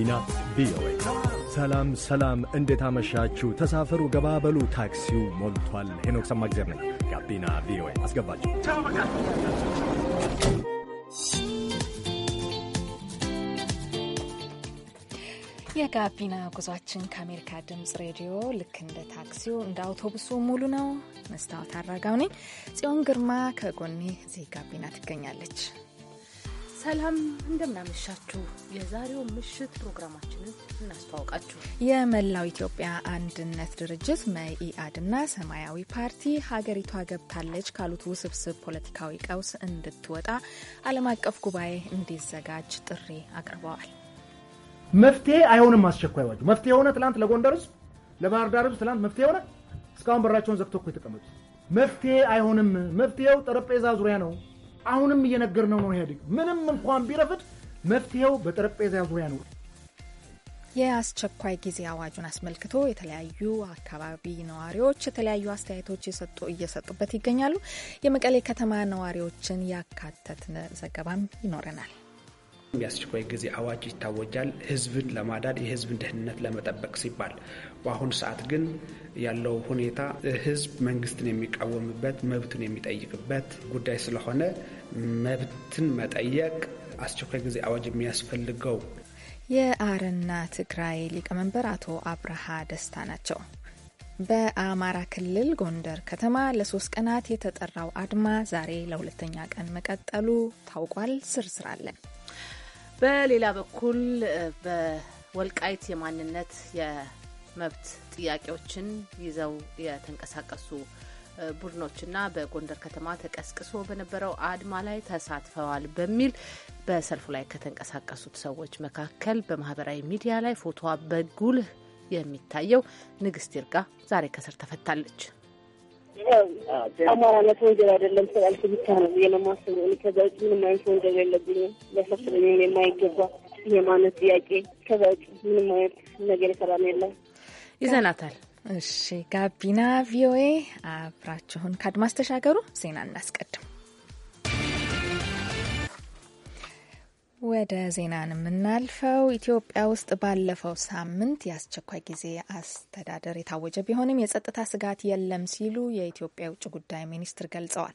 ጋቢና ቪኦኤ። ሰላም ሰላም፣ እንዴት አመሻችሁ? ተሳፈሩ፣ ገባበሉ፣ ታክሲው ሞልቷል። ሄኖክ ሰማግዜር ነኝ። ጋቢና ቪኦኤ ሰላም ሰላም እንዴት አመሻችሁ ተሳፈሩ በሉ ታክሲው ሞልቷል ሄኖክ ሰማግዜር ነኝ ጋቢና ቪኦኤ አስገባችሁ የጋቢና ጉዟችን ከአሜሪካ ድምፅ ሬዲዮ ልክ እንደ ታክሲው እንደ አውቶቡሱ ሙሉ ነው። መስታወት አድራጋው ነኝ ጽዮን ግርማ ከጎኔ እዚህ ጋቢና ትገኛለች። ሰላም እንደምናመሻችሁ። የዛሬው ምሽት ፕሮግራማችንን እናስተዋውቃችሁ። የመላው ኢትዮጵያ አንድነት ድርጅት መኢአድና ሰማያዊ ፓርቲ ሀገሪቷ ገብታለች ካሉት ውስብስብ ፖለቲካዊ ቀውስ እንድትወጣ ዓለም አቀፍ ጉባኤ እንዲዘጋጅ ጥሪ አቅርበዋል። መፍትሄ አይሆንም። አስቸኳይ አዋጁ መፍትሄ የሆነ ትላንት ለጎንደር ህዝብ፣ ለባህር ዳር ህዝብ ትላንት መፍትሄ የሆነ እስካሁን በራቸውን ዘግቶ እኮ የተቀመጡት መፍትሄ አይሆንም። መፍትሄው ጠረጴዛ ዙሪያ ነው። አሁንም እየነገርነው ነው ኢህአዴግ ምንም እንኳን ቢረፍድ መፍትሄው በጠረጴዛ ዙሪያ ነው። የአስቸኳይ ጊዜ አዋጁን አስመልክቶ የተለያዩ አካባቢ ነዋሪዎች የተለያዩ አስተያየቶች የሰጡ እየሰጡበት ይገኛሉ። የመቀሌ ከተማ ነዋሪዎችን ያካተትን ዘገባም ይኖረናል። የአስቸኳይ ጊዜ አዋጅ ይታወጃል። ህዝብን ለማዳን የህዝብን ደህንነት ለመጠበቅ ሲባል በአሁኑ ሰዓት ግን ያለው ሁኔታ ህዝብ መንግስትን የሚቃወምበት መብትን የሚጠይቅበት ጉዳይ ስለሆነ መብትን መጠየቅ አስቸኳይ ጊዜ አዋጅ የሚያስፈልገው የአረና ትግራይ ሊቀመንበር አቶ አብርሃ ደስታ ናቸው። በአማራ ክልል ጎንደር ከተማ ለሶስት ቀናት የተጠራው አድማ ዛሬ ለሁለተኛ ቀን መቀጠሉ ታውቋል። ዝርዝር አለን። በሌላ በኩል በወልቃይት የማንነት የመብት ጥያቄዎችን ይዘው የተንቀሳቀሱ ቡድኖችና በጎንደር ከተማ ተቀስቅሶ በነበረው አድማ ላይ ተሳትፈዋል በሚል በሰልፉ ላይ ከተንቀሳቀሱት ሰዎች መካከል በማህበራዊ ሚዲያ ላይ ፎቶዋ በጉልህ የሚታየው ንግስት ይርጋ ዛሬ ከስር ተፈታለች። አማራ አማራነት ወንጀል አይደለም ስላልኩ ብቻ ነው የማስበው። ከዛ ውጭ ምንም አይነት ወንጀል የለብኝም። ለሰብስበኝ የማይገባ የማነት ጥያቄ ከዛ ውጭ ምንም አይነት ነገር የሰራን የለም። ይዘናታል። እሺ፣ ጋቢና ቪኦኤ አብራችሁን ከአድማስ ተሻገሩ። ዜና እናስቀድም። ወደ ዜና የምናልፈው ኢትዮጵያ ውስጥ ባለፈው ሳምንት የአስቸኳይ ጊዜ አስተዳደር የታወጀ ቢሆንም የጸጥታ ስጋት የለም ሲሉ የኢትዮጵያ የውጭ ጉዳይ ሚኒስትር ገልጸዋል።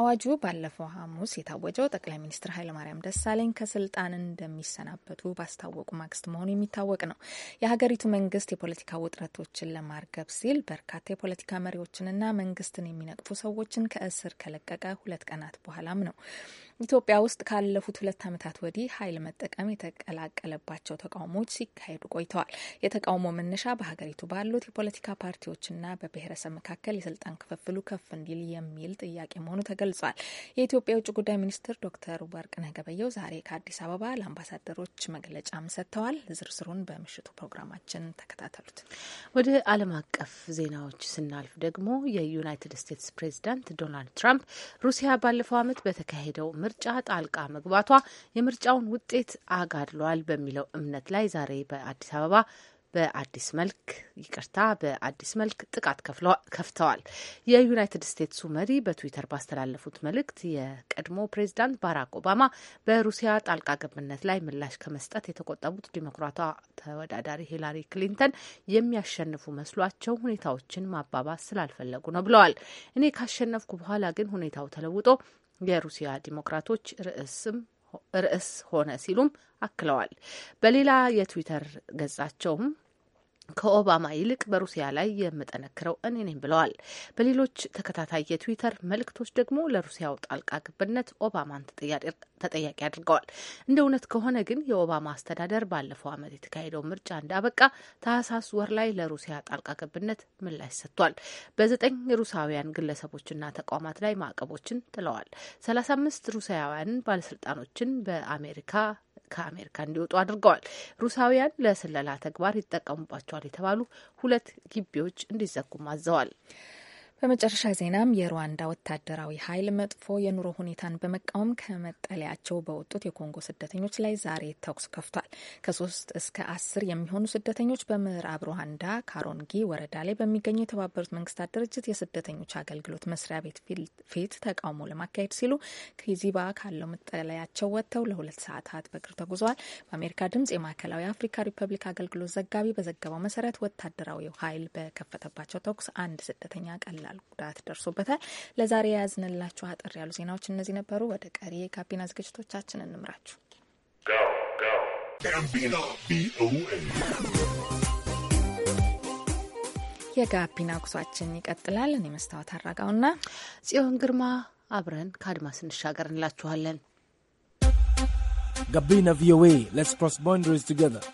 አዋጁ ባለፈው ሐሙስ የታወጀው ጠቅላይ ሚኒስትር ኃይለማርያም ደሳለኝ ከስልጣን እንደሚሰናበቱ ባስታወቁ ማግስት መሆኑ የሚታወቅ ነው። የሀገሪቱ መንግስት የፖለቲካ ውጥረቶችን ለማርገብ ሲል በርካታ የፖለቲካ መሪዎችንና መንግስትን የሚነቅፉ ሰዎችን ከእስር ከለቀቀ ሁለት ቀናት በኋላም ነው ኢትዮጵያ ውስጥ ካለፉት ሁለት ዓመታት ወዲህ ኃይል መጠቀም የተቀላቀለባቸው ተቃውሞዎች ሲካሄዱ ቆይተዋል። የተቃውሞ መነሻ በሀገሪቱ ባሉት የፖለቲካ ፓርቲዎችና በብሔረሰብ መካከል የስልጣን ክፍፍሉ ከፍ እንዲል የሚል ጥያቄ መሆኑ ተገልጿል። የኢትዮጵያ የውጭ ጉዳይ ሚኒስትር ዶክተር ወርቅነህ ገበየው ዛሬ ከአዲስ አበባ ለአምባሳደሮች መግለጫም ሰጥተዋል። ዝርዝሩን በምሽቱ ፕሮግራማችን ተከታተሉት። ወደ ዓለም አቀፍ ዜናዎች ስናልፍ ደግሞ የዩናይትድ ስቴትስ ፕሬዚዳንት ዶናልድ ትራምፕ ሩሲያ ባለፈው ዓመት በተካሄደው ምርጫ ጣልቃ መግባቷ የምርጫውን ውጤት አጋድሏል በሚለው እምነት ላይ ዛሬ በአዲስ አበባ በአዲስ መልክ ይቅርታ በአዲስ መልክ ጥቃት ከፍተዋል። የዩናይትድ ስቴትሱ መሪ በትዊተር ባስተላለፉት መልእክት የቀድሞ ፕሬዚዳንት ባራክ ኦባማ በሩሲያ ጣልቃ ገብነት ላይ ምላሽ ከመስጠት የተቆጠቡት ዲሞክራቷ ተወዳዳሪ ሂላሪ ክሊንተን የሚያሸንፉ መስሏቸው ሁኔታዎችን ማባባስ ስላልፈለጉ ነው ብለዋል። እኔ ካሸነፍኩ በኋላ ግን ሁኔታው ተለውጦ የሩሲያ ዲሞክራቶች ርዕስም ርዕስ ሆነ ሲሉም አክለዋል። በሌላ የትዊተር ገጻቸውም ከኦባማ ይልቅ በሩሲያ ላይ የምጠነክረው እኔ ነኝ ብለዋል። በሌሎች ተከታታይ የትዊተር መልእክቶች ደግሞ ለሩሲያው ጣልቃ ግብነት ኦባማን ተጠያቂ አድርገዋል። እንደ እውነት ከሆነ ግን የኦባማ አስተዳደር ባለፈው ዓመት የተካሄደው ምርጫ እንዳበቃ ታህሳስ ወር ላይ ለሩሲያ ጣልቃ ግብነት ምላሽ ሰጥቷል። በዘጠኝ ሩሳውያን ግለሰቦችና ተቋማት ላይ ማዕቀቦችን ጥለዋል። ሰላሳ አምስት ሩሳውያን ባለስልጣኖችን በአሜሪካ ከአሜሪካ እንዲወጡ አድርገዋል። ሩሳውያን ለስለላ ተግባር ይጠቀሙባቸዋል የተባሉ ሁለት ግቢዎች እንዲዘጉም አዘዋል። በመጨረሻ ዜናም የሩዋንዳ ወታደራዊ ኃይል መጥፎ የኑሮ ሁኔታን በመቃወም ከመጠለያቸው በወጡት የኮንጎ ስደተኞች ላይ ዛሬ ተኩስ ከፍቷል። ከሶስት እስከ አስር የሚሆኑ ስደተኞች በምዕራብ ሩዋንዳ ካሮንጊ ወረዳ ላይ በሚገኙ የተባበሩት መንግስታት ድርጅት የስደተኞች አገልግሎት መስሪያ ቤት ፊት ተቃውሞ ለማካሄድ ሲሉ ከዚባ ካለው መጠለያቸው ወጥተው ለሁለት ሰዓታት በእግር ተጉዘዋል። በአሜሪካ ድምጽ የማዕከላዊ አፍሪካ ሪፐብሊክ አገልግሎት ዘጋቢ በዘገባው መሰረት ወታደራዊ ኃይል በከፈተባቸው ተኩስ አንድ ስደተኛ ቀላል ይላል። ጉዳት ደርሶበታል። ለዛሬ የያዝንላችሁ አጠር ያሉ ዜናዎች እነዚህ ነበሩ። ወደ ቀሪ የካቢና ዝግጅቶቻችን እንምራችሁ። የጋቢና ጉዟችን ይቀጥላል። እኔ መስታወት አራጋውና ጽዮን ግርማ አብረን ከአድማስ እንሻገር እንላችኋለን። ጋቢና ቪኦኤ ሌትስ ክሮስ ቦንደሪስ ቱጌዘር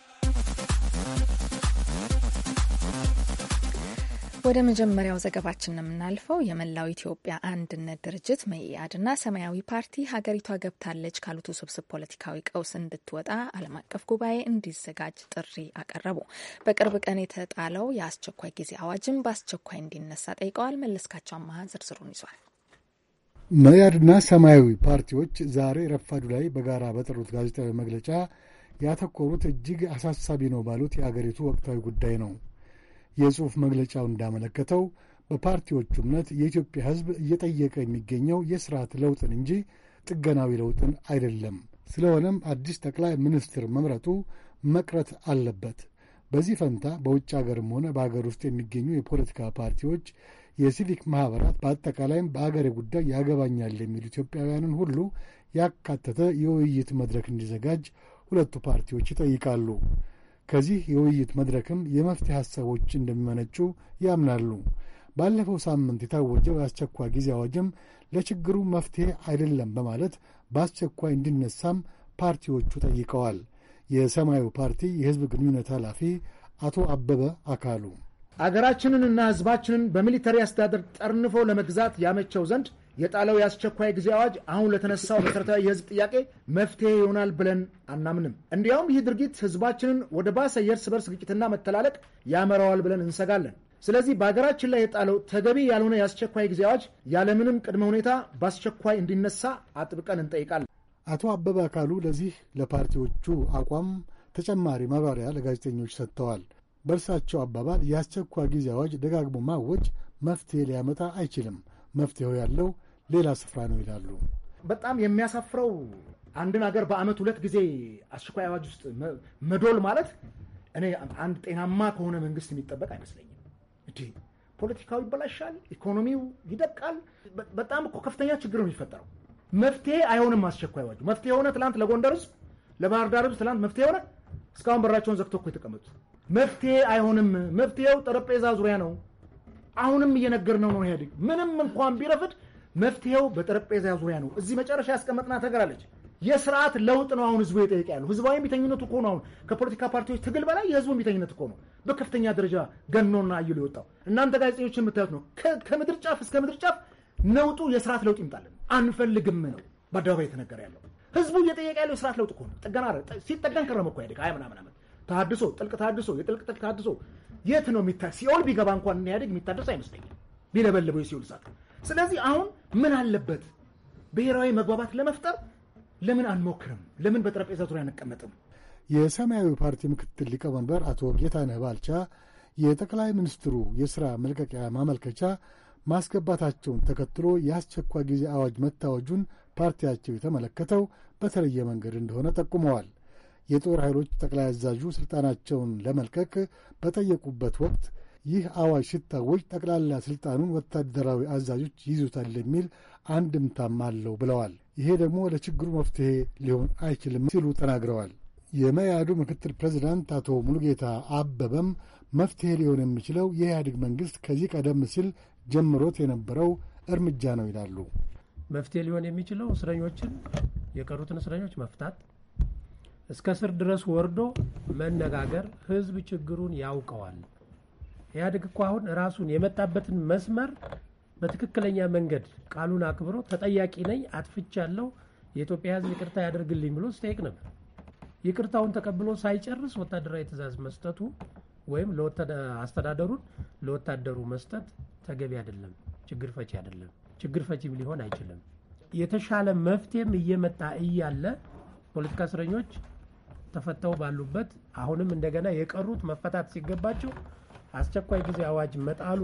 ወደ መጀመሪያው ዘገባችን የምናልፈው። የመላው ኢትዮጵያ አንድነት ድርጅት መኢአድና ሰማያዊ ፓርቲ ሀገሪቷ ገብታለች ካሉት ውስብስብ ፖለቲካዊ ቀውስ እንድትወጣ ዓለም አቀፍ ጉባኤ እንዲዘጋጅ ጥሪ አቀረቡ። በቅርብ ቀን የተጣለው የአስቸኳይ ጊዜ አዋጅም በአስቸኳይ እንዲነሳ ጠይቀዋል። መለስካቸው አመሀ ዝርዝሩን ይዟል። መኢአድና ሰማያዊ ፓርቲዎች ዛሬ ረፋዱ ላይ በጋራ በጠሩት ጋዜጣዊ መግለጫ ያተኮሩት እጅግ አሳሳቢ ነው ባሉት የአገሪቱ ወቅታዊ ጉዳይ ነው። የጽሑፍ መግለጫው እንዳመለከተው በፓርቲዎቹ እምነት የኢትዮጵያ ሕዝብ እየጠየቀ የሚገኘው የስርዓት ለውጥን እንጂ ጥገናዊ ለውጥን አይደለም። ስለሆነም አዲስ ጠቅላይ ሚኒስትር መምረጡ መቅረት አለበት። በዚህ ፈንታ በውጭ አገርም ሆነ በአገር ውስጥ የሚገኙ የፖለቲካ ፓርቲዎች፣ የሲቪክ ማኅበራት፣ በአጠቃላይም በአገሬ ጉዳይ ያገባኛል የሚሉ ኢትዮጵያውያንን ሁሉ ያካተተ የውይይት መድረክ እንዲዘጋጅ ሁለቱ ፓርቲዎች ይጠይቃሉ። ከዚህ የውይይት መድረክም የመፍትሄ ሐሳቦች እንደሚመነጩ ያምናሉ። ባለፈው ሳምንት የታወጀው የአስቸኳይ ጊዜ አዋጅም ለችግሩ መፍትሄ አይደለም በማለት በአስቸኳይ እንዲነሳም ፓርቲዎቹ ጠይቀዋል። የሰማያዊ ፓርቲ የህዝብ ግንኙነት ኃላፊ አቶ አበበ አካሉ አገራችንንና ህዝባችንን በሚሊተሪ አስተዳደር ጠርንፎ ለመግዛት ያመቸው ዘንድ የጣለው የአስቸኳይ ጊዜ አዋጅ አሁን ለተነሳው መሠረታዊ የህዝብ ጥያቄ መፍትሄ ይሆናል ብለን አናምንም። እንዲያውም ይህ ድርጊት ህዝባችንን ወደ ባሰ የእርስ በርስ ግጭትና መተላለቅ ያመራዋል ብለን እንሰጋለን። ስለዚህ በሀገራችን ላይ የጣለው ተገቢ ያልሆነ የአስቸኳይ ጊዜ አዋጅ ያለምንም ቅድመ ሁኔታ በአስቸኳይ እንዲነሳ አጥብቀን እንጠይቃለን። አቶ አበበ አካሉ ለዚህ ለፓርቲዎቹ አቋም ተጨማሪ ማብራሪያ ለጋዜጠኞች ሰጥተዋል። በእርሳቸው አባባል የአስቸኳይ ጊዜ አዋጅ ደጋግሞ ማወጅ መፍትሄ ሊያመጣ አይችልም። መፍትሄው ያለው ሌላ ስፍራ ነው ይላሉ። በጣም የሚያሳፍረው አንድን ሀገር በአመት ሁለት ጊዜ አስቸኳይ አዋጅ ውስጥ መዶል ማለት እኔ አንድ ጤናማ ከሆነ መንግስት የሚጠበቅ አይመስለኝም። እንዲህ ፖለቲካው ይበላሻል፣ ኢኮኖሚው ይደቃል። በጣም እኮ ከፍተኛ ችግር ነው የሚፈጠረው። መፍትሄ አይሆንም። አስቸኳይ አዋጁ መፍትሄ የሆነ ትላንት ለጎንደር ህዝብ፣ ለባህር ዳር ህዝብ ትላንት መፍትሄ የሆነ እስካሁን በራቸውን ዘግቶ እኮ የተቀመጡት መፍትሄ አይሆንም። መፍትሄው ጠረጴዛ ዙሪያ ነው። አሁንም እየነገርነው ነው። ኢህአዴግ ምንም እንኳን ቢረፍድ መፍትሄው በጠረጴዛ ዙሪያ ነው። እዚህ መጨረሻ ያስቀመጥና ተገራለች የስርዓት ለውጥ ነው አሁን ህዝቡ የጠየቀ ያለው። ህዝባዊ ቢተኝነት እኮ ነው አሁን ከፖለቲካ ፓርቲዎች ትግል በላይ የህዝቡ ቢተኝነት እኮ ነው በከፍተኛ ደረጃ ገኖና አይሎ የወጣው። እናንተ ጋዜጠኞች የምታዩት ነው። ከምድር ጫፍ እስከ ምድር ጫፍ ነውጡ የስርዓት ለውጥ ይምጣልን አንፈልግም ነው በአደባባይ የተነገረ ያለው። ህዝቡ እየጠየቀ ያለው የስርዓት ለውጥ እኮ ነው። ጥገና ሲጠገን ከረመ እኮ ኢህአዴግ ሀያ ምናምን ዓመት ተሃድሶ፣ ጥልቅ ተሃድሶ፣ የጥልቅ ጥልቅ ተሃድሶ የት ነው ሲኦል ቢገባ እንኳን ኢህአዴግ የሚታደስ አይመስለኝም ቢለበልበው የሲኦል እሳት ስለዚህ አሁን ምን አለበት ብሔራዊ መግባባት ለመፍጠር ለምን አንሞክርም? ለምን በጠረጴዛ ዙሪያ አንቀመጥም? የሰማያዊ ፓርቲ ምክትል ሊቀመንበር አቶ ጌታነህ ባልቻ የጠቅላይ ሚኒስትሩ የሥራ መልቀቂያ ማመልከቻ ማስገባታቸውን ተከትሎ የአስቸኳይ ጊዜ አዋጅ መታወጁን ፓርቲያቸው የተመለከተው በተለየ መንገድ እንደሆነ ጠቁመዋል። የጦር ኃይሎች ጠቅላይ አዛዡ ሥልጣናቸውን ለመልቀቅ በጠየቁበት ወቅት ይህ አዋጅ ሲታወጅ ጠቅላላ ስልጣኑን ወታደራዊ አዛዦች ይዙታል የሚል አንድምታም አለው ብለዋል። ይሄ ደግሞ ለችግሩ መፍትሄ ሊሆን አይችልም ሲሉ ተናግረዋል። የመያዱ ምክትል ፕሬዚዳንት አቶ ሙሉጌታ አበበም መፍትሄ ሊሆን የሚችለው የኢህአዴግ መንግሥት ከዚህ ቀደም ሲል ጀምሮት የነበረው እርምጃ ነው ይላሉ። መፍትሄ ሊሆን የሚችለው እስረኞችን የቀሩትን እስረኞች መፍታት፣ እስከ ስር ድረስ ወርዶ መነጋገር። ህዝብ ችግሩን ያውቀዋል። ኢህአዴግ እኮ አሁን ራሱን የመጣበትን መስመር በትክክለኛ መንገድ ቃሉን አክብሮ ተጠያቂ ነኝ አጥፍቻለሁ፣ የኢትዮጵያ ህዝብ ይቅርታ ያደርግልኝ ብሎ ስጠይቅ ነበር። ይቅርታውን ተቀብሎ ሳይጨርስ ወታደራዊ ትእዛዝ መስጠቱ ወይም አስተዳደሩን ለወታደሩ መስጠት ተገቢ አይደለም፣ ችግር ፈቺ አይደለም፣ ችግር ፈቺም ሊሆን አይችልም። የተሻለ መፍትሄም እየመጣ እያለ ፖለቲካ እስረኞች ተፈተው ባሉበት አሁንም እንደገና የቀሩት መፈታት ሲገባቸው አስቸኳይ ጊዜ አዋጅ መጣሉ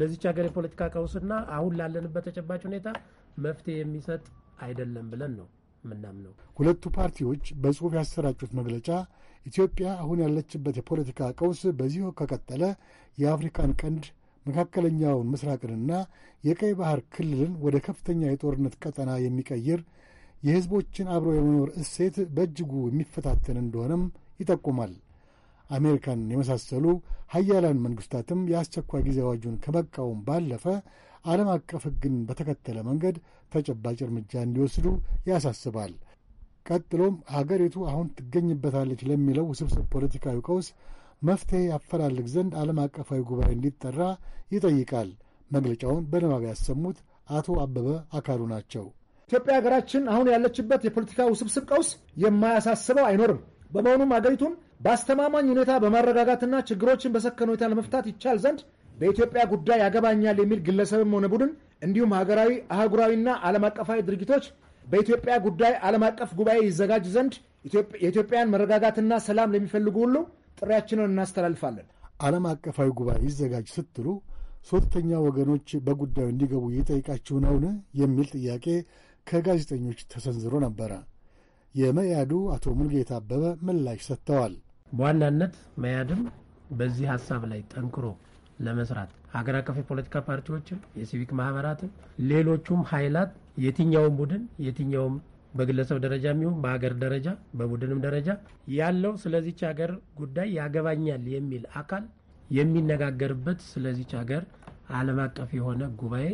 ለዚች ሀገር የፖለቲካ ቀውስና አሁን ላለንበት ተጨባጭ ሁኔታ መፍትሄ የሚሰጥ አይደለም ብለን ነው ምናምነው። ሁለቱ ፓርቲዎች በጽሑፍ ያሰራጩት መግለጫ ኢትዮጵያ አሁን ያለችበት የፖለቲካ ቀውስ በዚሁ ከቀጠለ የአፍሪካን ቀንድ መካከለኛውን ምስራቅንና የቀይ ባህር ክልልን ወደ ከፍተኛ የጦርነት ቀጠና የሚቀይር የሕዝቦችን አብሮ የመኖር እሴት በእጅጉ የሚፈታተን እንደሆነም ይጠቁማል። አሜሪካን የመሳሰሉ ሀያላን መንግስታትም የአስቸኳይ ጊዜ አዋጁን ከመቃወም ባለፈ ዓለም አቀፍ ሕግን በተከተለ መንገድ ተጨባጭ እርምጃ እንዲወስዱ ያሳስባል። ቀጥሎም አገሪቱ አሁን ትገኝበታለች ለሚለው ውስብስብ ፖለቲካዊ ቀውስ መፍትሔ ያፈላልግ ዘንድ ዓለም አቀፋዊ ጉባኤ እንዲጠራ ይጠይቃል። መግለጫውን በንባብ ያሰሙት አቶ አበበ አካሉ ናቸው። ኢትዮጵያ ሀገራችን አሁን ያለችበት የፖለቲካ ውስብስብ ቀውስ የማያሳስበው አይኖርም። በመሆኑም አገሪቱን በአስተማማኝ ሁኔታ በማረጋጋትና ችግሮችን በሰከነ ሁኔታ ለመፍታት ይቻል ዘንድ በኢትዮጵያ ጉዳይ ያገባኛል የሚል ግለሰብም ሆነ ቡድን እንዲሁም ሀገራዊ፣ አህጉራዊና ዓለም አቀፋዊ ድርጊቶች በኢትዮጵያ ጉዳይ ዓለም አቀፍ ጉባኤ ይዘጋጅ ዘንድ የኢትዮጵያን መረጋጋትና ሰላም ለሚፈልጉ ሁሉ ጥሪያችንን እናስተላልፋለን። ዓለም አቀፋዊ ጉባኤ ይዘጋጅ ስትሉ ሦስተኛ ወገኖች በጉዳዩ እንዲገቡ እየጠየቃችሁ ነውን? የሚል ጥያቄ ከጋዜጠኞች ተሰንዝሮ ነበረ። የመያዱ አቶ ሙልጌታ አበበ ምላሽ ሰጥተዋል። በዋናነት መያድም በዚህ ሀሳብ ላይ ጠንክሮ ለመስራት ሀገር አቀፍ የፖለቲካ ፓርቲዎችን፣ የሲቪክ ማህበራትን፣ ሌሎቹም ኃይላት የትኛውም ቡድን የትኛውም በግለሰብ ደረጃ የሚሆን በሀገር ደረጃ በቡድንም ደረጃ ያለው ስለዚች ሀገር ጉዳይ ያገባኛል የሚል አካል የሚነጋገርበት ስለዚች ሀገር ዓለም አቀፍ የሆነ ጉባኤ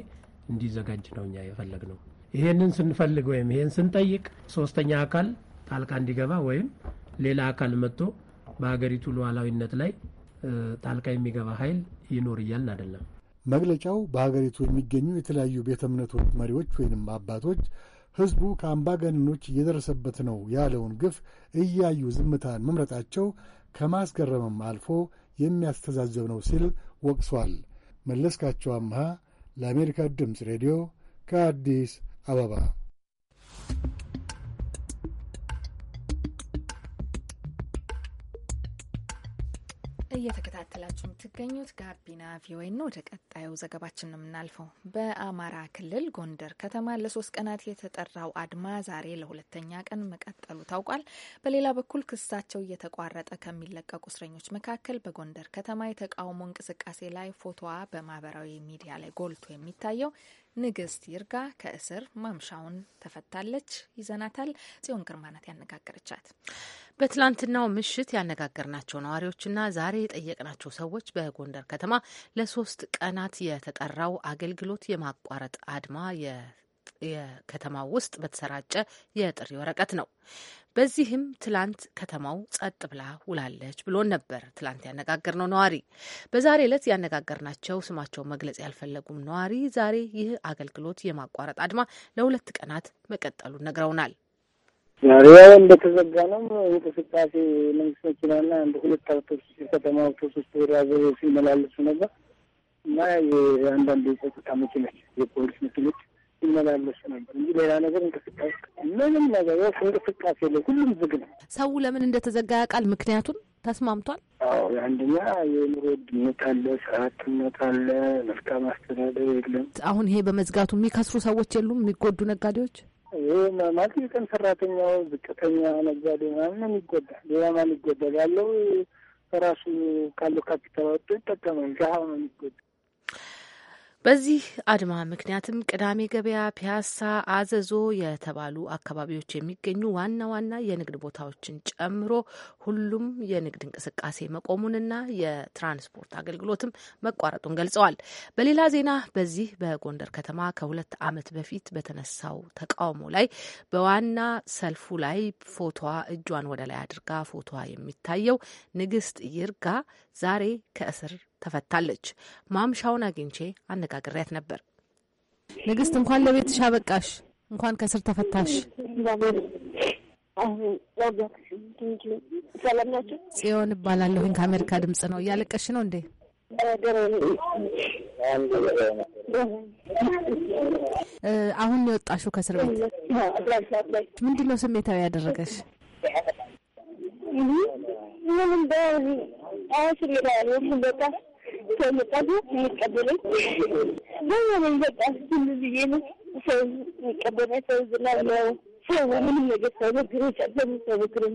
እንዲዘጋጅ ነው እኛ የፈለግነው። ይሄንን ስንፈልግ ወይም ይሄን ስንጠይቅ ሶስተኛ አካል ጣልቃ እንዲገባ ወይም ሌላ አካል መጥቶ በሀገሪቱ ሉዓላዊነት ላይ ጣልቃ የሚገባ ኃይል ይኖር እያልን አይደለም። መግለጫው በሀገሪቱ የሚገኙ የተለያዩ ቤተ እምነቶች መሪዎች ወይንም አባቶች ህዝቡ ከአምባገነኖች እየደረሰበት ነው ያለውን ግፍ እያዩ ዝምታን መምረጣቸው ከማስገረምም አልፎ የሚያስተዛዘብ ነው ሲል ወቅሷል። መለስካቸው አምሃ ለአሜሪካ ድምፅ ሬዲዮ ከአዲስ አበባ እየተከታተላችሁ የምትገኙት ጋቢና ቪኦኤ ነው። ወደ ቀጣዩ ዘገባችን ነው የምናልፈው። በአማራ ክልል ጎንደር ከተማ ለሶስት ቀናት የተጠራው አድማ ዛሬ ለሁለተኛ ቀን መቀጠሉ ታውቋል። በሌላ በኩል ክሳቸው እየተቋረጠ ከሚለቀቁ እስረኞች መካከል በጎንደር ከተማ የተቃውሞ እንቅስቃሴ ላይ ፎቶዋ በማህበራዊ ሚዲያ ላይ ጎልቶ የሚታየው ንግስት ይርጋ ከእስር ማምሻውን ተፈታለች። ይዘናታል። ጽዮን ግርማ ናት ያነጋገረቻት። በትላንትናው ምሽት ያነጋገርናቸው ነዋሪዎችና ዛሬ የጠየቅናቸው ሰዎች በጎንደር ከተማ ለሶስት ቀናት የተጠራው አገልግሎት የማቋረጥ አድማ የከተማው ውስጥ በተሰራጨ የጥሪ ወረቀት ነው። በዚህም ትላንት ከተማው ጸጥ ብላ ውላለች ብሎን ነበር። ትላንት ያነጋገርነው ነዋሪ በዛሬ ዕለት ያነጋገርናቸው ስማቸው መግለጽ ያልፈለጉም ነዋሪ ዛሬ ይህ አገልግሎት የማቋረጥ አድማ ለሁለት ቀናት መቀጠሉን ነግረውናል። ያው እንደተዘጋ ነው እንቅስቃሴ መንግስት መኪናና አንድ ሁለት አውቶቡስ የከተማ አውቶቡስ ተወዳዘ ሲመላለሱ ነበር እና የአንዳንድ የጸጥታ መኪኖች የፖሊስ መኪኖች ሲመላለሱ ነበር እንጂ ሌላ ነገር እንቅስቃሴ ምንም ነገር እንቅስቃሴ ላይ ሁሉም ዝግ ነው። ሰው ለምን እንደተዘጋ ያውቃል። ምክንያቱም ተስማምቷል። አዎ አንደኛ የኑሮ ውድነት አለ፣ ስርአትነት አለ፣ መልካም አስተዳደር የለም። አሁን ይሄ በመዝጋቱ የሚከስሩ ሰዎች የሉም? የሚጎዱ ነጋዴዎች ይህ ማለት የቀን ሰራተኛው ዝቅተኛ ነጋዴ ምናምን ይጎዳል። ሌላ ማን ይጎዳል? ያለው በራሱ ካለው ካፒታል ወጥቶ ይጠቀማል። ድሀ ነው የሚጎዳ። በዚህ አድማ ምክንያትም ቅዳሜ ገበያ፣ ፒያሳ፣ አዘዞ የተባሉ አካባቢዎች የሚገኙ ዋና ዋና የንግድ ቦታዎችን ጨምሮ ሁሉም የንግድ እንቅስቃሴ መቆሙንና የትራንስፖርት አገልግሎትም መቋረጡን ገልጸዋል። በሌላ ዜና በዚህ በጎንደር ከተማ ከሁለት ዓመት በፊት በተነሳው ተቃውሞ ላይ በዋና ሰልፉ ላይ ፎቶዋ እጇን ወደ ላይ አድርጋ ፎቶዋ የሚታየው ንግስት ይርጋ ዛሬ ከእስር ተፈታለች። ማምሻውን አግኝቼ አነጋግሬያት ነበር። ንግስት፣ እንኳን ለቤትሽ አበቃሽ፣ እንኳን ከስር ተፈታሽ። ጽዮን እባላለሁኝ ከአሜሪካ ድምጽ ነው። እያለቀሽ ነው እንዴ? አሁን የወጣሽው ከእስር ቤት ምንድን ነው ስሜታዊ ያደረገሽ? ምንም በቃ ሰውየቃሉ የሚቀበለኝ በሆነ ብዬ ነው ሰው ሰው ሰው ምንም ነገር ሳይበግረኝ ሳይበግረኝ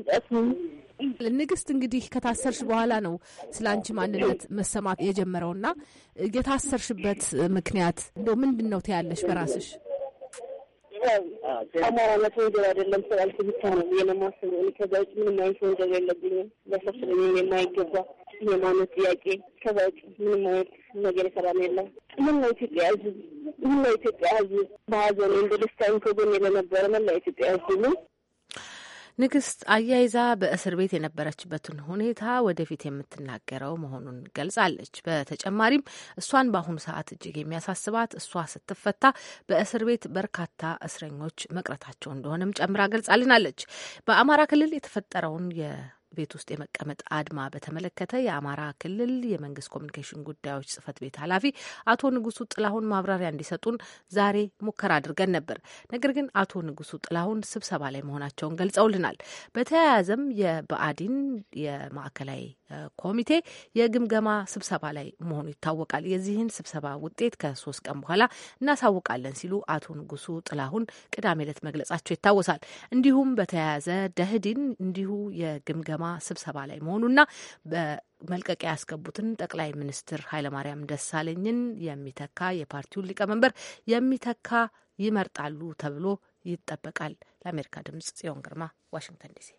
ንግስት እንግዲህ ከታሰርሽ በኋላ ነው ስለ አንቺ ማንነት መሰማት የጀመረውና የታሰርሽበት ምክንያት እንደው ምንድን ነው ትያለሽ በራስሽ? አማራነት ወንጀል አይደለም ስላልክ ብቻ ነው የለማስብ ከዛ ውጭ ምንም አይነት ወንጀል የለብኝም። ለሰብስለኝ የማይገባ የማኖት ጥያቄ ከዛ ውጭ ምንም አይነት ነገር የሰራን ነው የለም። ምን ነው ኢትዮጵያ ህዝብ ምን ነው ኢትዮጵያ ህዝብ በሀዘን ወይም በደስታይም ከጎን የለነበረ መላ ኢትዮጵያ ህዝብ ነው። ንግስት አያይዛ በእስር ቤት የነበረችበትን ሁኔታ ወደፊት የምትናገረው መሆኑን ገልጻለች። በተጨማሪም እሷን በአሁኑ ሰዓት እጅግ የሚያሳስባት እሷ ስትፈታ በእስር ቤት በርካታ እስረኞች መቅረታቸው እንደሆነም ጨምራ ገልጻልናለች። በአማራ ክልል የተፈጠረውን የ ቤት ውስጥ የመቀመጥ አድማ በተመለከተ የአማራ ክልል የመንግስት ኮሚኒኬሽን ጉዳዮች ጽህፈት ቤት ኃላፊ አቶ ንጉሱ ጥላሁን ማብራሪያ እንዲሰጡን ዛሬ ሙከራ አድርገን ነበር። ነገር ግን አቶ ንጉሱ ጥላሁን ስብሰባ ላይ መሆናቸውን ገልጸውልናል። በተያያዘም የብአዴን የማዕከላዊ ኮሚቴ የግምገማ ስብሰባ ላይ መሆኑ ይታወቃል። የዚህን ስብሰባ ውጤት ከሶስት ቀን በኋላ እናሳውቃለን ሲሉ አቶ ንጉሱ ጥላሁን ቅዳሜ ዕለት መግለጻቸው ይታወሳል። እንዲሁም በተያያዘ ደህዲን እንዲሁ የግምገማ ፓርላማ ስብሰባ ላይ መሆኑና በመልቀቂያ ያስገቡትን ጠቅላይ ሚኒስትር ኃይለማርያም ደሳለኝን የሚተካ የፓርቲውን ሊቀመንበር የሚተካ ይመርጣሉ ተብሎ ይጠበቃል። ለአሜሪካ ድምጽ ጽዮን ግርማ ዋሽንግተን ዲሲ።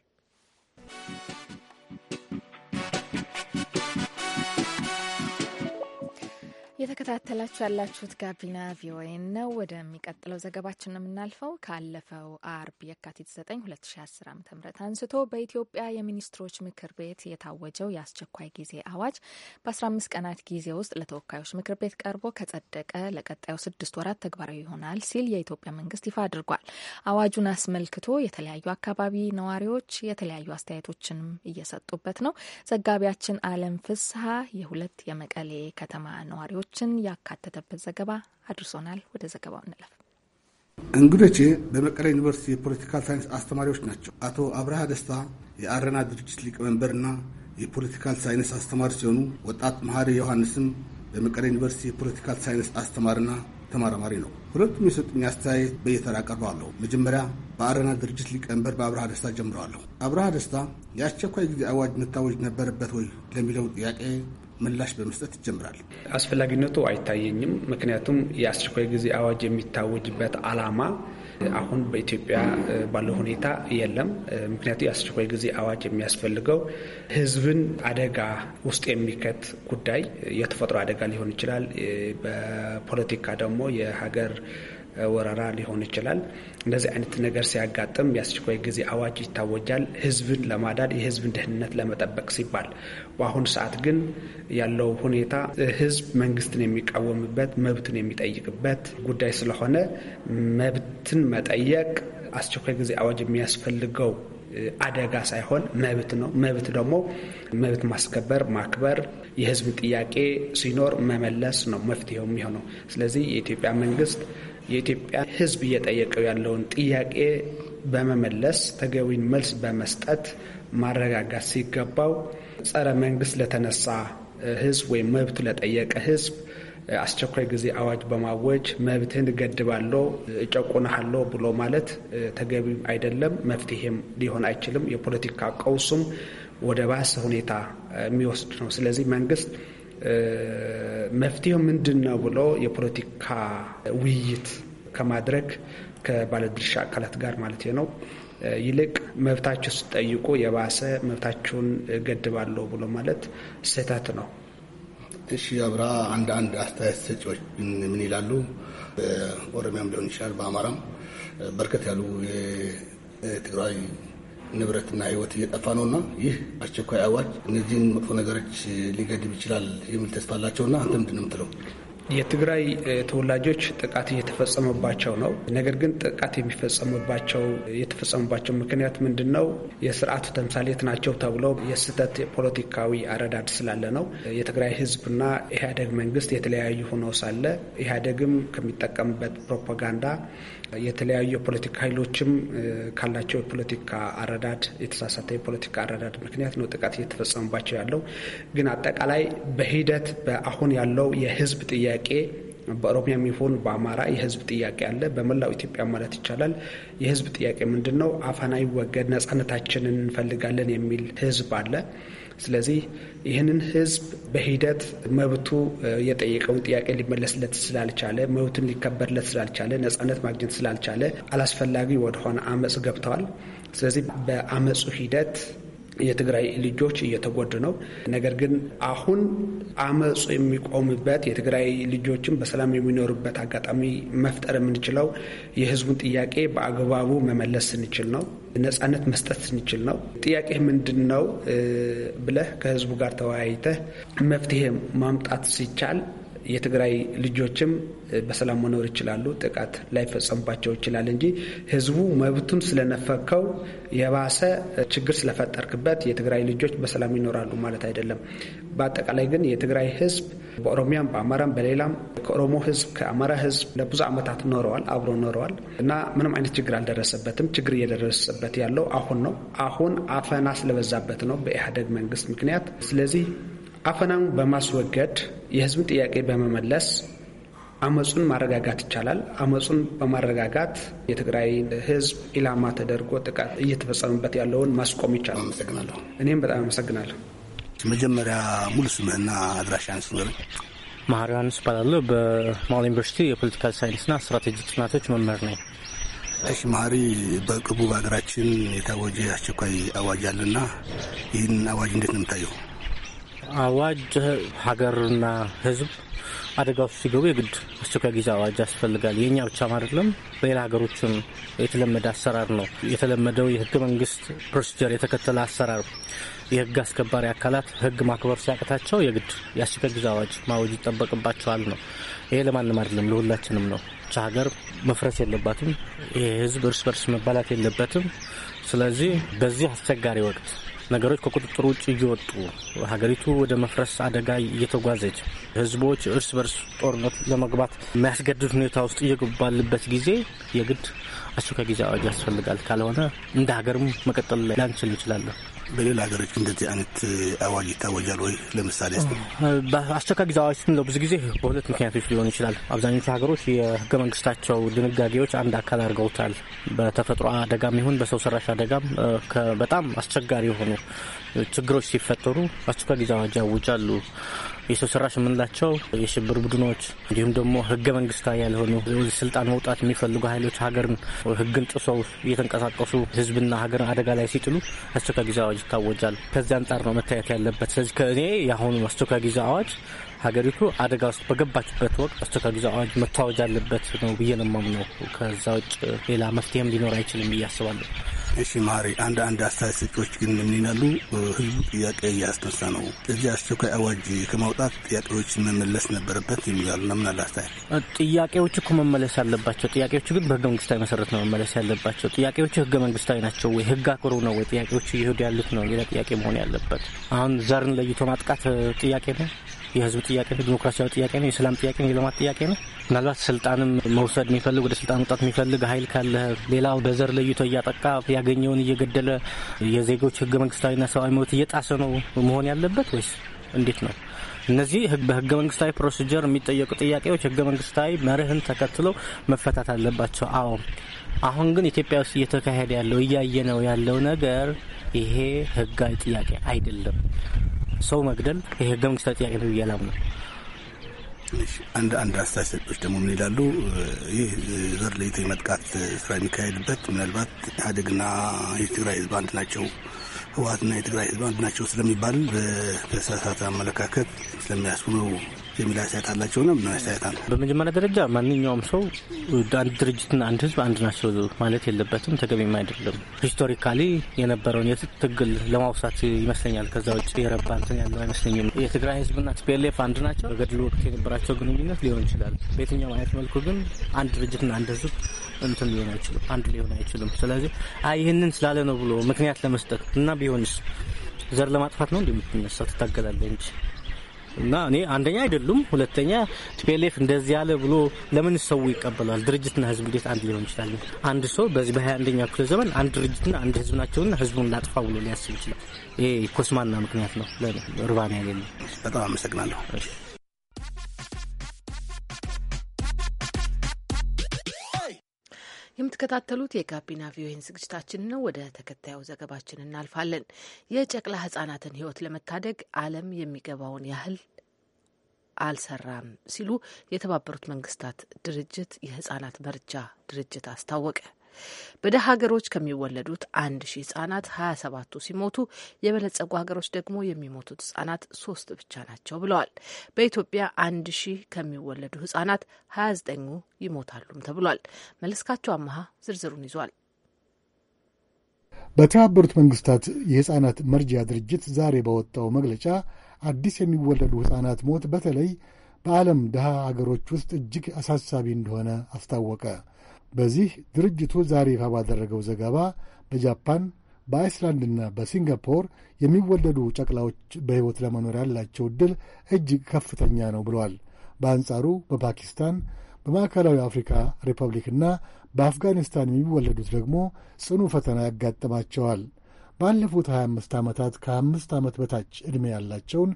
እየተከታተላችሁ ያላችሁት ጋቢና ቪኦኤ ነው። ወደሚቀጥለው ዘገባችን ነው የምናልፈው። ካለፈው አርብ የካቲት 9 2010 ዓ ም አንስቶ በኢትዮጵያ የሚኒስትሮች ምክር ቤት የታወጀው የአስቸኳይ ጊዜ አዋጅ በ15 ቀናት ጊዜ ውስጥ ለተወካዮች ምክር ቤት ቀርቦ ከጸደቀ ለቀጣዩ ስድስት ወራት ተግባራዊ ይሆናል ሲል የኢትዮጵያ መንግስት ይፋ አድርጓል። አዋጁን አስመልክቶ የተለያዩ አካባቢ ነዋሪዎች የተለያዩ አስተያየቶችንም እየሰጡበት ነው። ዘጋቢያችን አለም ፍስሀ የሁለት የመቀሌ ከተማ ነዋሪዎች ሌሎችን ያካተተበት ዘገባ አድርሶናል። ወደ ዘገባው እንለፍ። እንግዶቼ በመቀለ ዩኒቨርሲቲ የፖለቲካል ሳይንስ አስተማሪዎች ናቸው። አቶ አብርሃ ደስታ የአረና ድርጅት ሊቀመንበርና የፖለቲካል ሳይንስ አስተማሪ ሲሆኑ ወጣት መሀሪ ዮሐንስም በመቀለ ዩኒቨርሲቲ የፖለቲካል ሳይንስ አስተማሪና ተመራማሪ ነው። ሁለቱም የሰጡኝ አስተያየት በየተራ አቀርባለሁ። መጀመሪያ በአረና ድርጅት ሊቀመንበር በአብርሃ ደስታ ጀምረዋለሁ። አብርሃ ደስታ የአስቸኳይ ጊዜ አዋጅ መታወጅ ነበረበት ወይ ለሚለው ጥያቄ ምላሽ በመስጠት ይጀምራል። አስፈላጊነቱ አይታየኝም። ምክንያቱም የአስቸኳይ ጊዜ አዋጅ የሚታወጅበት ዓላማ አሁን በኢትዮጵያ ባለው ሁኔታ የለም። ምክንያቱም የአስቸኳይ ጊዜ አዋጅ የሚያስፈልገው ሕዝብን አደጋ ውስጥ የሚከት ጉዳይ የተፈጥሮ አደጋ ሊሆን ይችላል። በፖለቲካ ደግሞ የሀገር ወረራ ሊሆን ይችላል። እንደዚህ አይነት ነገር ሲያጋጥም የአስቸኳይ ጊዜ አዋጅ ይታወጃል፣ ህዝብን ለማዳድ የህዝብን ደህንነት ለመጠበቅ ሲባል። በአሁኑ ሰዓት ግን ያለው ሁኔታ ህዝብ መንግስትን የሚቃወምበት መብትን የሚጠይቅበት ጉዳይ ስለሆነ መብትን መጠየቅ አስቸኳይ ጊዜ አዋጅ የሚያስፈልገው አደጋ ሳይሆን መብት ነው። መብት ደግሞ መብት ማስከበር፣ ማክበር፣ የህዝብ ጥያቄ ሲኖር መመለስ ነው መፍትሄው የሚሆነው። ስለዚህ የኢትዮጵያ መንግስት የኢትዮጵያ ሕዝብ እየጠየቀው ያለውን ጥያቄ በመመለስ ተገቢውን መልስ በመስጠት ማረጋጋት ሲገባው ጸረ መንግስት ለተነሳ ሕዝብ ወይም መብት ለጠየቀ ሕዝብ አስቸኳይ ጊዜ አዋጅ በማወጅ መብትህን እገድባለሁ፣ እጨቁናሃለሁ ብሎ ማለት ተገቢ አይደለም፣ መፍትሄም ሊሆን አይችልም። የፖለቲካ ቀውሱም ወደ ባሰ ሁኔታ የሚወስድ ነው። ስለዚህ መንግስት መፍትሄው ምንድን ነው ብሎ የፖለቲካ ውይይት ከማድረግ ከባለድርሻ አካላት ጋር ማለት ነው ይልቅ መብታቸው ስጠይቁ የባሰ መብታቸውን ገድባለ ብሎ ማለት ስህተት ነው። እሺ አብርሃ፣ አንዳንድ አስተያየት ሰጪዎች ምን ይላሉ? በኦሮሚያም ሊሆን ይችላል፣ በአማራም በርከት ያሉ የትግራይ ንብረትና ህይወት እየጠፋ ነውና ይህ አስቸኳይ አዋጅ እነዚህን መጥፎ ነገሮች ሊገድብ ይችላል የሚል ተስፋ አላቸውና አንተ ምንድን ነው የምትለው? የትግራይ ተወላጆች ጥቃት እየተፈጸመባቸው ነው። ነገር ግን ጥቃት የሚፈጸምባቸው የተፈጸሙባቸው ምክንያት ምንድን ነው? የስርዓቱ ተምሳሌት ናቸው ተብለው የስህተት ፖለቲካዊ አረዳድ ስላለ ነው። የትግራይ ህዝብና ኢህአደግ መንግስት የተለያዩ ሆነው ሳለ ኢህአደግም ከሚጠቀምበት ፕሮፓጋንዳ የተለያዩ የፖለቲካ ኃይሎችም ካላቸው የፖለቲካ አረዳድ የተሳሳተ የፖለቲካ አረዳድ ምክንያት ነው ጥቃት እየተፈጸመባቸው ያለው። ግን አጠቃላይ በሂደት በአሁን ያለው የህዝብ ጥያቄ በኦሮሚያ የሚሆን በአማራ የህዝብ ጥያቄ አለ። በመላው ኢትዮጵያ ማለት ይቻላል የህዝብ ጥያቄ ምንድን ነው? አፈና ይወገድ፣ ነጻነታችንን እንፈልጋለን የሚል ህዝብ አለ። ስለዚህ ይህንን ህዝብ በሂደት መብቱ የጠየቀውን ጥያቄ ሊመለስለት ስላልቻለ፣ መብቱን ሊከበርለት ስላልቻለ፣ ነጻነት ማግኘት ስላልቻለ አላስፈላጊ ወደሆነ አመፅ ገብተዋል። ስለዚህ በአመፁ ሂደት የትግራይ ልጆች እየተጎዱ ነው። ነገር ግን አሁን አመፁ የሚቆምበት የትግራይ ልጆችን በሰላም የሚኖሩበት አጋጣሚ መፍጠር የምንችለው የህዝቡን ጥያቄ በአግባቡ መመለስ ስንችል ነው። ነጻነት መስጠት ስንችል ነው። ጥያቄ ምንድን ነው ብለህ ከህዝቡ ጋር ተወያይተህ መፍትሄ ማምጣት ሲቻል የትግራይ ልጆችም በሰላም መኖር ይችላሉ፣ ጥቃት ላይፈጸምባቸው ይችላል እንጂ ህዝቡ መብቱን ስለነፈከው የባሰ ችግር ስለፈጠርክበት የትግራይ ልጆች በሰላም ይኖራሉ ማለት አይደለም። በአጠቃላይ ግን የትግራይ ህዝብ በኦሮሚያም በአማራም በሌላም ከኦሮሞ ህዝብ ከአማራ ህዝብ ለብዙ ዓመታት ኖረዋል፣ አብሮ ኖረዋል እና ምንም አይነት ችግር አልደረሰበትም። ችግር እየደረሰበት ያለው አሁን ነው። አሁን አፈና ስለበዛበት ነው በኢህአዴግ መንግስት ምክንያት። ስለዚህ አፈናውን በማስወገድ የህዝብን ጥያቄ በመመለስ አመፁን ማረጋጋት ይቻላል። አመፁን በማረጋጋት የትግራይ ህዝብ ኢላማ ተደርጎ ጥቃት እየተፈጸመበት ያለውን ማስቆም ይቻላል። አመሰግናለሁ። እኔም በጣም አመሰግናለሁ። መጀመሪያ ሙሉ ስምህና አድራሻህን ንገረኝ። መሀሪ ዮሐንስ እባላለሁ። በማል ዩኒቨርሲቲ የፖለቲካል ሳይንስና ስትራቴጂክ ጥናቶች መምህር ነኝ። እሺ መሀሪ፣ በቅርቡ በሀገራችን የታወጀ አስቸኳይ አዋጅ አለና ይህን አዋጅ እንዴት ነው የምታየው? አዋጅ ሀገርና ህዝብ አደጋ ውስጥ ሲገቡ የግድ አስቸኳይ ጊዜ አዋጅ ያስፈልጋል። የእኛ ብቻም አይደለም፣ በሌላ ሀገሮችም የተለመደ አሰራር ነው። የተለመደው የህገ መንግስት ፕሮሲጀር የተከተለ አሰራር የህግ አስከባሪ አካላት ህግ ማክበር ሲያቅታቸው የግድ የአስቸኳይ ጊዜ አዋጅ ማወጅ ይጠበቅባቸዋል ነው። ይሄ ለማንም አይደለም፣ ለሁላችንም ነው። ብቻ ሀገር መፍረስ የለባትም። የህዝብ ህዝብ እርስ በርስ መባላት የለበትም። ስለዚህ በዚህ አስቸጋሪ ወቅት ነገሮች ከቁጥጥር ውጭ እየወጡ ሀገሪቱ ወደ መፍረስ አደጋ እየተጓዘች ህዝቦች እርስ በርስ ጦርነት ለመግባት የሚያስገድድ ሁኔታ ውስጥ እየገባልበት ጊዜ የግድ አስቸኳይ ጊዜ አዋጅ ያስፈልጋል። ካልሆነ እንደ ሀገርም መቀጠል ላይ ላንችል እንችላለን። በሌላ ሀገሮች እንደዚህ አይነት አዋጅ ይታወጃል ወይ? ለምሳሌ አስቸኳይ ጊዜ አዋጅ ስንለው ብዙ ጊዜ በሁለት ምክንያቶች ሊሆን ይችላል። አብዛኞቹ ሀገሮች የህገ መንግስታቸው ድንጋጌዎች አንድ አካል አድርገውታል። በተፈጥሮ አደጋም ይሁን በሰው ሰራሽ አደጋም በጣም አስቸጋሪ የሆኑ ችግሮች ሲፈጠሩ አስቸኳይ ጊዜ አዋጅ ያውጃሉ። የሰው ሰራሽ የምንላቸው የሽብር ቡድኖች እንዲሁም ደግሞ ህገ መንግስታዊ ያልሆኑ ስልጣን መውጣት የሚፈልጉ ኃይሎች ሀገርን ህግን ጥሰው እየተንቀሳቀሱ ህዝብና ሀገርን አደጋ ላይ ሲጥሉ አስቸኳይ ጊዜ አዋጅ ይታወጃል። ከዚህ አንጻር ነው መታየት ያለበት። ስለዚህ ከእኔ የአሁኑ አስቸኳይ ጊዜ አዋጅ ሀገሪቱ አደጋ ውስጥ በገባችበት ወቅት አስቸኳይ ጊዜ አዋጅ መታወጅ አለበት ነው ብዬ ነው የማምነው። ከዛ ውጭ ሌላ መፍትሄም ሊኖር አይችልም ብዬ አስባለሁ። እሺ ማሪ፣ አንድ አንድ አስተያየት ሰጪዎች ግን ምን ይላሉ? ህዝቡ ጥያቄ እያስነሳ ነው፣ እዚህ አስቸኳይ አዋጅ ከማውጣት ጥያቄዎች መመለስ ነበረበት የሚላሉ ለምን አለ አስተያየት። ጥያቄዎች እኮ መመለስ አለባቸው። ጥያቄዎቹ ግን በህገ መንግስታዊ መሰረት ነው መመለስ ያለባቸው። ጥያቄዎቹ ህገ መንግስታዊ ናቸው ወይ? ህግ አክብሮ ነው ወይ ጥያቄዎቹ እየሄዱ ያሉት ነው ሌላ ጥያቄ መሆን ያለበት። አሁን ዘርን ለይቶ ማጥቃት ጥያቄ ነው። የህዝብ ጥያቄ ነው፣ ዲሞክራሲያዊ ጥያቄ ነው፣ የሰላም ጥያቄ ነው፣ የልማት ጥያቄ ነው። ምናልባት ስልጣንም መውሰድ የሚፈልግ ወደ ስልጣን መውጣት የሚፈልግ ኃይል ካለ ሌላው በዘር ለይቶ እያጠቃ ያገኘውን እየገደለ የዜጎች ህገ መንግስታዊና ሰብአዊ መብት እየጣሰ ነው መሆን ያለበት ወይስ እንዴት ነው? እነዚህ በህገ መንግስታዊ ፕሮሲጀር የሚጠየቁ ጥያቄዎች ህገ መንግስታዊ መርህን ተከትሎ መፈታት አለባቸው። አዎ። አሁን ግን ኢትዮጵያ ውስጥ እየተካሄደ ያለው እያየ ነው ያለው ነገር ይሄ ህጋዊ ጥያቄ አይደለም። ሰው መግደል የህገ ህገ መንግስታዊ ጥያቄ ነው ብዬ ላምነው። አንድ አንድ አስተያየት ሰጪዎች ደግሞ ምን ይላሉ? ይህ ዘር ለይቶ የመጥቃት ስራ የሚካሄድበት ምናልባት ኢህአዴግና የትግራይ ህዝብ አንድ ናቸው፣ ህወሓትና የትግራይ ህዝብ አንድ ናቸው ስለሚባል በተሳሳተ አመለካከት ስለሚያስቡ ነው የሚል አስተያየት አላቸው። ነው ምን አስተያየት አለ? በመጀመሪያ ደረጃ ማንኛውም ሰው አንድ ድርጅትና አንድ ህዝብ አንድ ናቸው ማለት የለበትም፣ ተገቢም አይደለም። ሂስቶሪካሊ የነበረውን ትግል ለማውሳት ይመስለኛል። ከዛ ውጭ የረባ እንትን ያለው አይመስለኝም። የትግራይ ህዝብና ቲፒኤልኤፍ አንድ ናቸው። በገድል ወቅት የነበራቸው ግንኙነት ሊሆን ይችላል። በየትኛውም አይነት መልኩ ግን አንድ ድርጅትና አንድ ህዝብ እንትን ሊሆን አይችሉም፣ አንድ ሊሆን አይችሉም። ስለዚህ አይ ይህንን ስላለ ነው ብሎ ምክንያት ለመስጠት እና ቢሆንስ ዘር ለማጥፋት ነው እንደምትነሳ ትታገላለ እንጂ እና እኔ አንደኛ አይደሉም፣ ሁለተኛ ቲፒኤልኤፍ እንደዚህ ያለ ብሎ ለምን ሰው ይቀበላል? ድርጅትና ህዝብ እንዴት አንድ ሊሆን ይችላል? አንድ ሰው በዚህ በሀያ አንደኛ ክፍለ ዘመን አንድ ድርጅትና አንድ ህዝብ ናቸውና ህዝቡን ላጥፋ ብሎ ሊያስብ ይችላል። ይሄ ኮስማና ምክንያት ነው። እርባና የሌለ በጣም አመሰግናለሁ። የምትከታተሉት የጋቢና ቪኦኤን ዝግጅታችን ነው። ወደ ተከታዩ ዘገባችን እናልፋለን። የጨቅላ ህጻናትን ህይወት ለመታደግ ዓለም የሚገባውን ያህል አልሰራም ሲሉ የተባበሩት መንግስታት ድርጅት የህጻናት መርጃ ድርጅት አስታወቀ። በደሃ ሀገሮች ከሚወለዱት አንድ ሺህ ህጻናት ሀያ ሰባቱ ሲሞቱ የበለጸጉ ሀገሮች ደግሞ የሚሞቱት ህጻናት ሶስት ብቻ ናቸው ብለዋል። በኢትዮጵያ አንድ ሺህ ከሚወለዱ ህጻናት ሀያ ዘጠኙ ይሞታሉም ተብሏል። መለስካቸው አመሃ ዝርዝሩን ይዟል። በተባበሩት መንግስታት የህጻናት መርጃ ድርጅት ዛሬ ባወጣው መግለጫ አዲስ የሚወለዱ ህጻናት ሞት በተለይ በዓለም ድሃ አገሮች ውስጥ እጅግ አሳሳቢ እንደሆነ አስታወቀ። በዚህ ድርጅቱ ዛሬ ይፋ ባደረገው ዘገባ በጃፓን በአይስላንድና በሲንጋፖር የሚወለዱ ጨቅላዎች በሕይወት ለመኖር ያላቸው ዕድል እጅግ ከፍተኛ ነው ብለዋል። በአንጻሩ በፓኪስታን በማዕከላዊ አፍሪካ ሪፐብሊክና በአፍጋኒስታን የሚወለዱት ደግሞ ጽኑ ፈተና ያጋጥማቸዋል። ባለፉት 25 ዓመታት ከ ከ5 ዓመት በታች ዕድሜ ያላቸውን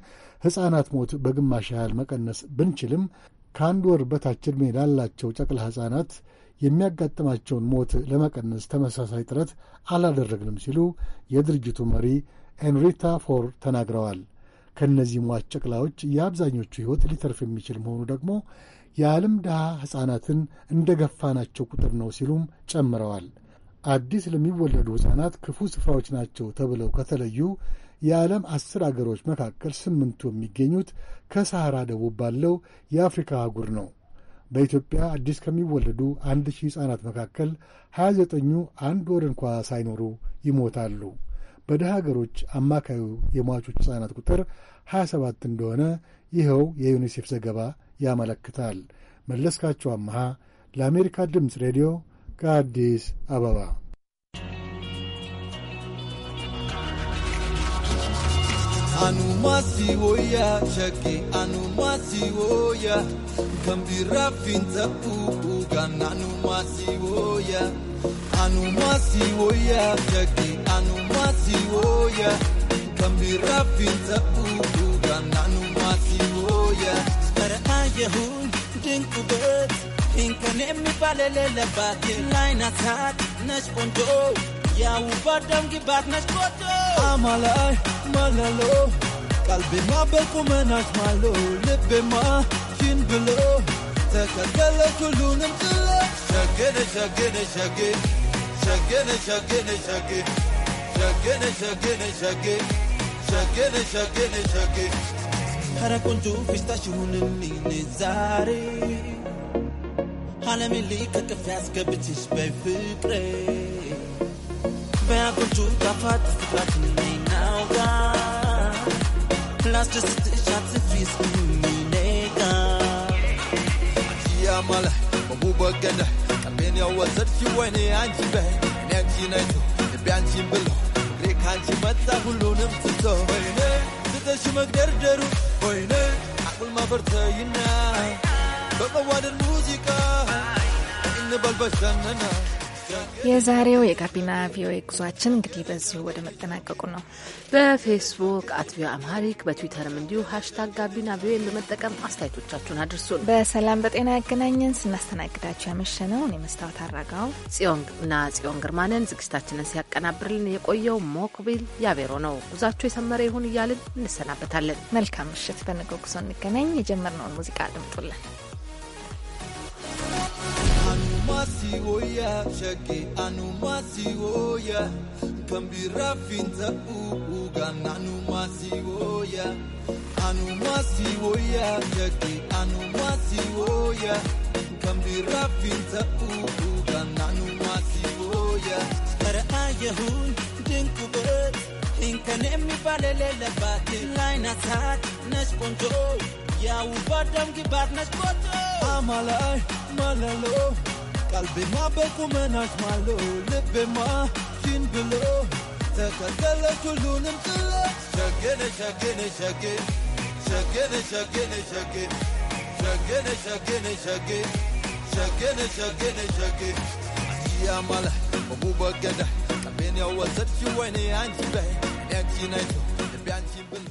ሕፃናት ሞት በግማሽ ያህል መቀነስ ብንችልም ከአንድ ወር በታች ዕድሜ ላላቸው ጨቅላ ሕፃናት የሚያጋጥማቸውን ሞት ለመቀነስ ተመሳሳይ ጥረት አላደረግንም ሲሉ የድርጅቱ መሪ ኤንሪታ ፎር ተናግረዋል። ከእነዚህ ሟች ጨቅላዎች የአብዛኞቹ ሕይወት ሊተርፍ የሚችል መሆኑ ደግሞ የዓለም ድሃ ሕፃናትን እንደ ገፋናቸው ቁጥር ነው ሲሉም ጨምረዋል። አዲስ ለሚወለዱ ሕፃናት ክፉ ስፍራዎች ናቸው ተብለው ከተለዩ የዓለም አስር አገሮች መካከል ስምንቱ የሚገኙት ከሳሐራ ደቡብ ባለው የአፍሪካ አህጉር ነው። በኢትዮጵያ አዲስ ከሚወለዱ አንድ ሺህ ሕፃናት መካከል 29ኙ አንድ ወር እንኳ ሳይኖሩ ይሞታሉ። በደሃ ሀገሮች አማካዩ የሟቾች ሕፃናት ቁጥር 27 እንደሆነ ይኸው የዩኒሴፍ ዘገባ ያመለክታል። መለስካቸው አመሃ ለአሜሪካ ድምፅ ሬዲዮ ከአዲስ አበባ anumasi woya shake anumasi woya gambira finta ugan anumasi woya anumasi woya shake anumasi woya gambira finta ugan anumasi woya para ayahu dinkubat inkanemi palelela bate line attack nash kondo ya ubadam gibat nash kondo amalai ማላሎ ቀልቤማ በቁመናሽ ማሎ ልቤማ ሽን ብሎ ተቀበለች ሁሉንም ጥሎ ሸገነ ሸገነ ሸጌ ሸገነ ሸገነ ሸጌ ሸገነ ሸገነ ሸጌ ሸገነ ሸገነ ሸጌ ኧረ ቆንጆ ፌስታሽ ይሁንልኝ ዛሬ ዓለምን ልክ ከፍ ያስገብችሽ በፍቅሬ Where could you have now, God? Last just the shots of his nega. Yamala, Mabuba Ganda, Albania was at you when he anti-bay, and anti-nato, the Banshee below. They can't see Matahulunum to go. The Shumagarderu, Boyne, Apple Mabertayina, but the water music in the Balbasanana. የዛሬው የጋቢና ቪኦኤ ጉዟችን እንግዲህ በዚሁ ወደ መጠናቀቁ ነው። በፌስቡክ አት ቪኦኤ አማሪክ በትዊተርም እንዲሁ ሀሽታግ ጋቢና ቪኦኤን በመጠቀም አስተያየቶቻችሁን አድርሱን። በሰላም በጤና ያገናኘን። ስናስተናግዳቸው ያመሸነው እኔ መስታወት አራጋው እና ጽዮን ግርማንን ዝግጅታችንን ሲያቀናብርልን የቆየው ሞክቢል ያቤሮ ነው። ጉዟችሁ የሰመረ ይሁን እያልን እንሰናበታለን። መልካም ምሽት። በነገው ጉዞ እንገናኝ። የጀመርነውን ሙዚቃ አድምጡልን። anumasi oya anu anumasi oya kambira finza uuga anumasi oya anumasi oya anu anumasi oya kambira finza uuga anumasi oya kara ayahun dinkubat hinkanemi balelela bate laina tat na konjo ya ubadam gibat nash koto amalai malalo قلبي ما بقوم اجمله لبي ما شين بلو تكتل كلو مزلة شاكيني شاكيني شاكيني شاكيني شاكيني شاكيني شاكيني شاكيني شاكيني شاكيني شاكيني شاكيني يا مالح ابو بقدح بيني اول سبتي ويني انت بيه انت نايتو بيانتي بلو